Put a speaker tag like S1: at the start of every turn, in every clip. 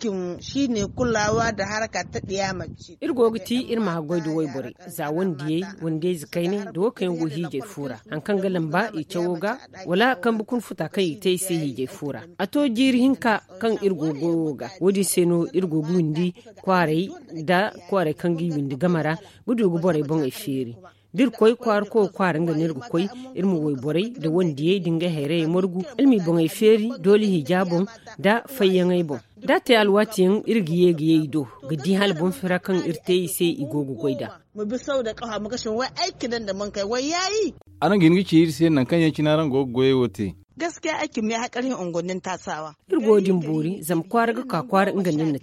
S1: aikin shine kulawa da harka ta ɗiya mace. Irgogiti irma da waibore za wanda yi wanda ya zikai ne da yin gohi je fura an kan galan ba i cawoga wala kan bukun futa kan i tai sai je fura a to hinka kan irgogo ga sai no irgogo windi kwarai da kwarai kan gi windi gamara gudu gubarai bon e feri. dir koy kwar ko kwar nga nirgu koy irmu boray da wanda ye dinga hayre morgu ilmi bongay feri doli hijabon da fayyangay bon da te alwatin irgi yegi gi do gidi hal bon firakan irte ise igogo da. mu bi sau da kafa mu kashin wai aikin da man kai wai yayi anan gingi ci irse nan kan yanci naran gogoye wote gaskiya aikin mai hakarin ungunin tasawa. Irgodin bori zam kwara ga kakwara inga ninna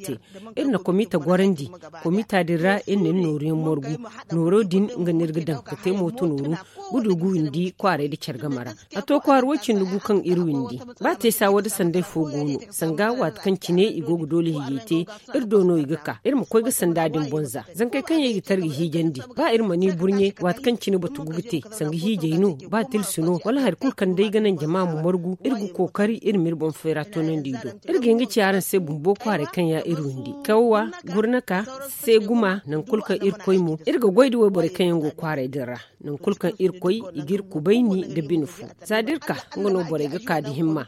S1: irin na komita gwarandi, komita dira inna nori morgu, noro din inganin nirgidan ka te moto noro gudu guwindi kware da kyargamara. A to kwar wacin lugu kan di? Ba te sa wada sandai fogono, sanga wat kan kine igo gudole hiyete, irdono igaka, Irin koi ga sandadin bonza. Zan kai kan yayi targi hijandi, ba ma ni burnye wat kan kine batu gugute, sanga hijayinu, ba tilsuno, wala har kan dai ganan jama'a mu bargu irgu kokari irin mir fera dido irgin gici yaran sai bumbo kware kan ya irundi kawwa gurnaka sai guma nan kulka irkoi mu irga goydi wo bore kan yango kware dira nan kulkan irkoi igir kubaini da binfu sadirka ngono bore ga kadi himma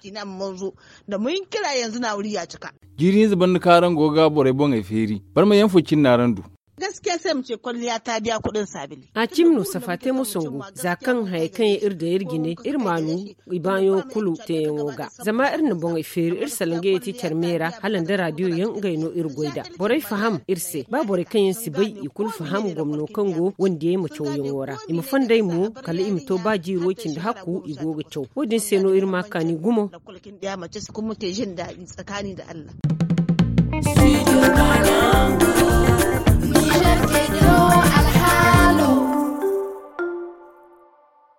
S1: da mun kira yanzu na wuri ya cika girin zuban karan goga bore bon eferi bar mai yan fucin narandu gaskiya sai mu ce kwalliya ta biya kuɗin sabili a cimnu safate musungu zakan kan ya irda yirgine irmanu ibayo kulu te yangoga zama irna bon ifiri ir salange yati termera halan da radio yan gaino ir goida borai faham irse ba borai kan yin bai ikul faham gwamno kango wanda ya mace yin Ima imu fandai mu kala ima to ba jiro kin da haku igoga cew wadin seno irma kani gumo kuma te daɗi tsakani da Allah.